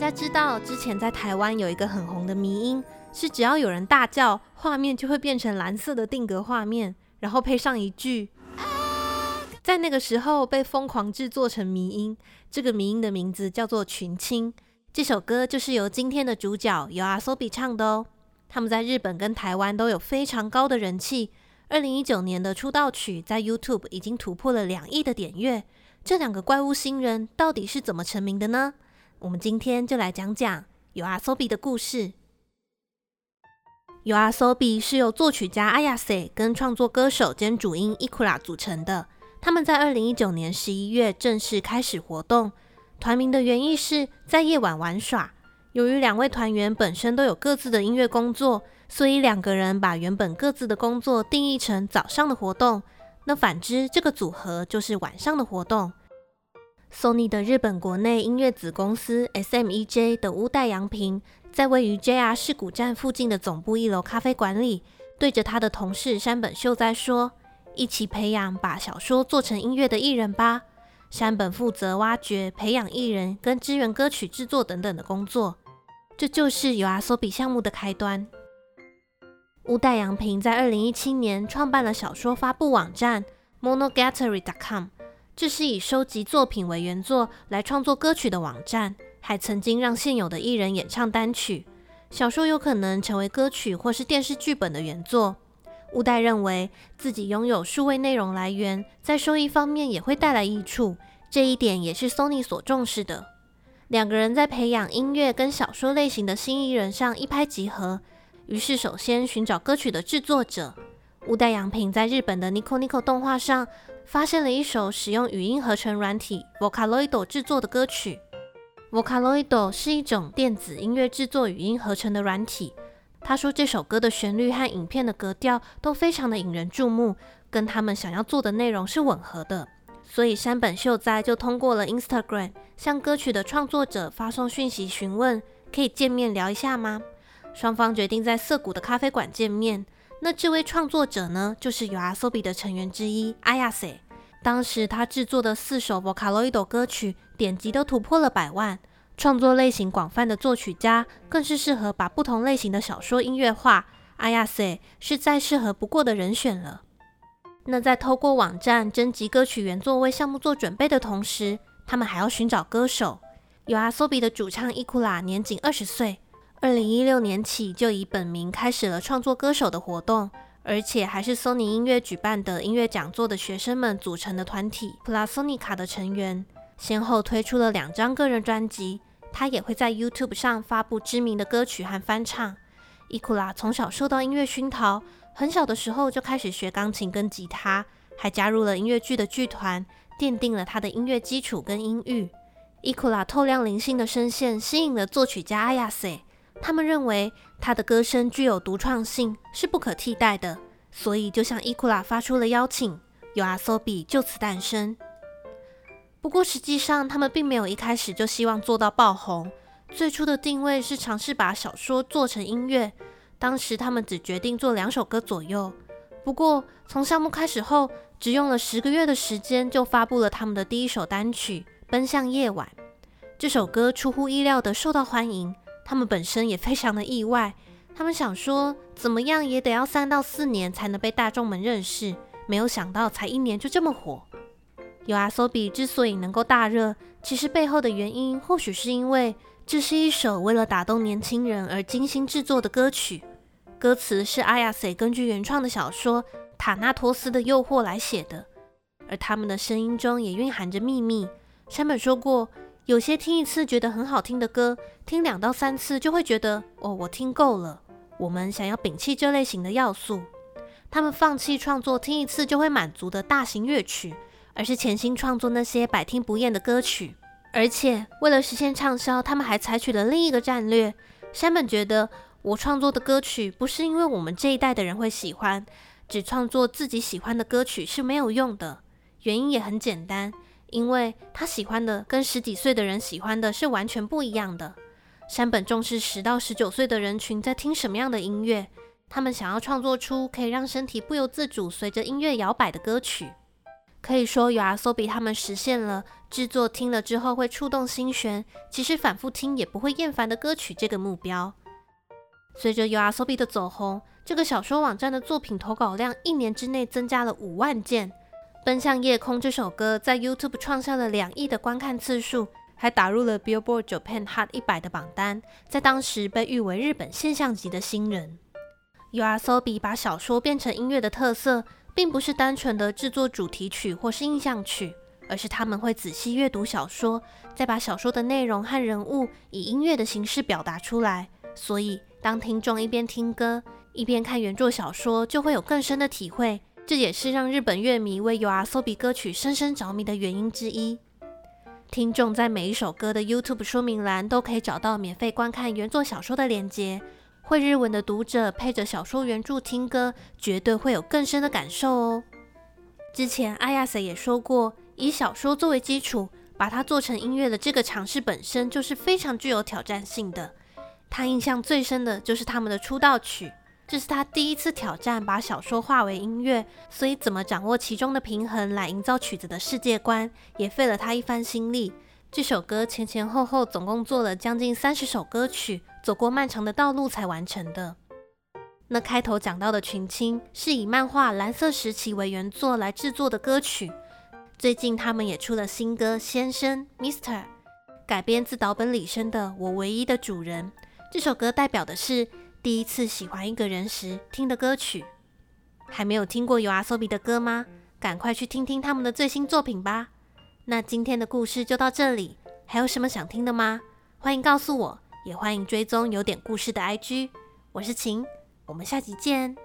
大家知道，之前在台灣有一個很紅的迷音，是只要有人大叫，畫面就會變成藍色的定格畫面，然後配上一句。在那個時候被瘋狂製作成迷音，這個迷音的名字叫做《群青》。這首歌就是由今天的主角由阿索比唱的哦。他們在日本跟台灣都有非常高的人氣。二零一九年的出道曲在 YouTube 已經突破了兩億的點閱。這兩個怪物新人到底是怎麼成名的呢？我們今天就來講講 YOASOBI 的故事。YOASOBI 是由作曲家 Ayase 跟創作歌手兼主音 Ikura 組成的。他們在二零一九年十一月正式開始活動。團名的原意是在夜晚玩耍。由於兩位團員本身都有各自的音樂工作，所以兩個人把原本各自的工作定義成早上的活動。那反之，這個組合就是晚上的活動。索尼的日本國內音樂子公司 SMEJ 的屋代洋平，在位於 JR 市谷站附近的總部一樓咖啡館裡，對着他的同事山本秀哉說：“一起培養把小說做成音樂的藝人吧。”山本負責挖掘、培養藝人跟支援歌曲制作等等的工作，這就是 YOASOBI 項目的開端。屋代洋平在2017年創辦了小說發布網站 monogatari.com。這是以收集作品為原作來創作歌曲的網站，還曾經讓現有的藝人演唱單曲。小說有可能成為歌曲或是電視劇本的原作。屋代認為自己擁有數位內容來源，在收益方面也會帶來益處，這一點也是 Sony 所重視的。兩個人在培養音樂跟小說類型的新藝人上一拍即合，於是首先尋找歌曲的製作者。屋代陽平在日本的 Nico Nico 動畫上。發現了一首使用語音合成軟體 Vocaloid 製作的歌曲。Vocaloid 是一種電子音樂製作語音合成的軟體。他說這首歌的旋律和影片的格調都非常的引人注目，跟他們想要做的內容是吻合的。所以山本秀哉就通過了 Instagram 向歌曲的創作者發送訊息詢問，可以見面聊一下嗎？雙方決定在澀谷的咖啡館見面。那這位創作者呢，就是 YOASOBI 的成員之一 Ayase。當時他製作的四首 Vocaloid 歌曲點擊都突破了百萬。創作類型廣泛的作曲家，更是適合把不同類型的小說音樂化。Ayase 是再適合不過的人選了。那在透過網站徵集歌曲原作為項目做準備的同時，他們還要尋找歌手。YOASOBI 的主唱伊庫拉年僅二十歲。二零一六年起，就以本名開始了創作歌手的活動，而且還是 Sony 音樂舉辦的音樂講座的學生們組成的團體 Plusonica 的成員，先後推出了兩張個人專輯。他也會在 YouTube 上發布知名的歌曲和翻唱。伊庫拉從小受到音樂熏陶，很小的時候就開始學鋼琴跟吉他，還加入了音樂劇的劇團，奠定了他的音樂基礎跟音域。伊庫拉透亮靈性的聲線吸引了作曲家 Ayase。他們認為他的歌聲具有獨創性，是不可替代的，所以就向伊庫拉發出了邀請，YOASOBI 就此誕生。不過實際上，他們並沒有一開始就希望做到爆紅，最初的定位是嘗試把小說做成音樂。當時他們只決定做兩首歌左右。不過從項目開始後，只用了十個月的時間就發布了他們的第一首單曲《奔向夜晚》。這首歌出乎意料地受到歡迎。他們本身也非常的意外，他們想說，怎麼樣也得要三到四年才能被大眾們認識，沒有想到才一年就這麼火。YOASOBI 之所以能夠大熱，其實背後的原因或許是因為這是一首為了打動年輕人而精心制作的歌曲，歌詞是 Ayase 根據原創的小說《塔納托斯的誘惑》來寫的，而他們的聲音中也蘊含着秘密。山本說過。有些聽一次覺得很好聽的歌，聽兩到三次就會覺得哦，我聽夠了。我們想要摒棄這類型的要素，他們放棄創作聽一次就會滿足的大型樂曲，而是潛心創作那些百聽不厭的歌曲。而且為了實現暢銷，他們還採取了另一個戰略。山本覺得，我創作的歌曲不是因為我們這一代的人會喜歡，只創作自己喜歡的歌曲是沒有用的。原因也很簡單。因為他喜歡的跟十幾歲的人喜歡的是完全不一樣的。山本重視十到十九歲的人群在聽什麼樣的音樂，他們想要創作出可以讓身體不由自主隨着音樂搖擺的歌曲。可以說，YOASOBI 他們實現了制作聽了之後會觸動心弦，其實反複聽也不會厭煩的歌曲這個目標。隨着 YOASOBI 的走紅，這個小說網站的作品投稿量一年之內增加了五萬件。《奔向夜空》這首歌在 YouTube 創下了兩億的觀看次數，還打入了 Billboard Japan Hot 一百的榜單，在當時被譽為日本現象級的新人。YOASOBI 把小說變成音樂的特色，並不是單純的制作主題曲或是印象曲，而是他們會仔細閱讀小說，再把小說的內容和人物以音樂的形式表達出來，所以，當聽眾一邊聽歌，一邊看原作小說，就會有更深的體會。這也是讓日本樂迷為 YOASOBI 歌曲深深着迷的原因之一。聽眾在每一首歌的 YouTube 說明欄都可以找到免費觀看原作小說的鏈接。會日文的讀者配着小說原著聽歌，絕對會有更深的感受哦。之前阿亞瑟也說過，以小說作為基礎，把它做成音樂的這個嘗試本身就是非常具有挑戰性的。他印象最深的就是他們的出道曲。這是他第一次挑戰把小說化為音樂，所以怎麼掌握其中的平衡來營造曲子的世界觀，也費了他一番心力。這首歌前前後後總共做了將近三十首歌曲，走過漫長的道路才完成的。那開頭講到的群青，是以漫畫《藍色時期》為原作來製作的歌曲。最近他們也出了新歌《先生 Mister》，改編自島本理生的《我唯一的主人》。這首歌代表的是。第一次喜歡一個人時聽的歌曲，還沒有聽過 YOASOBI 的歌嗎？趕快去聽聽他們的最新作品吧。那今天的故事就到這裡，還有什麼想聽的嗎？歡迎告訴我，也歡迎追蹤有點故事的 IG。我是晴，我們下期見。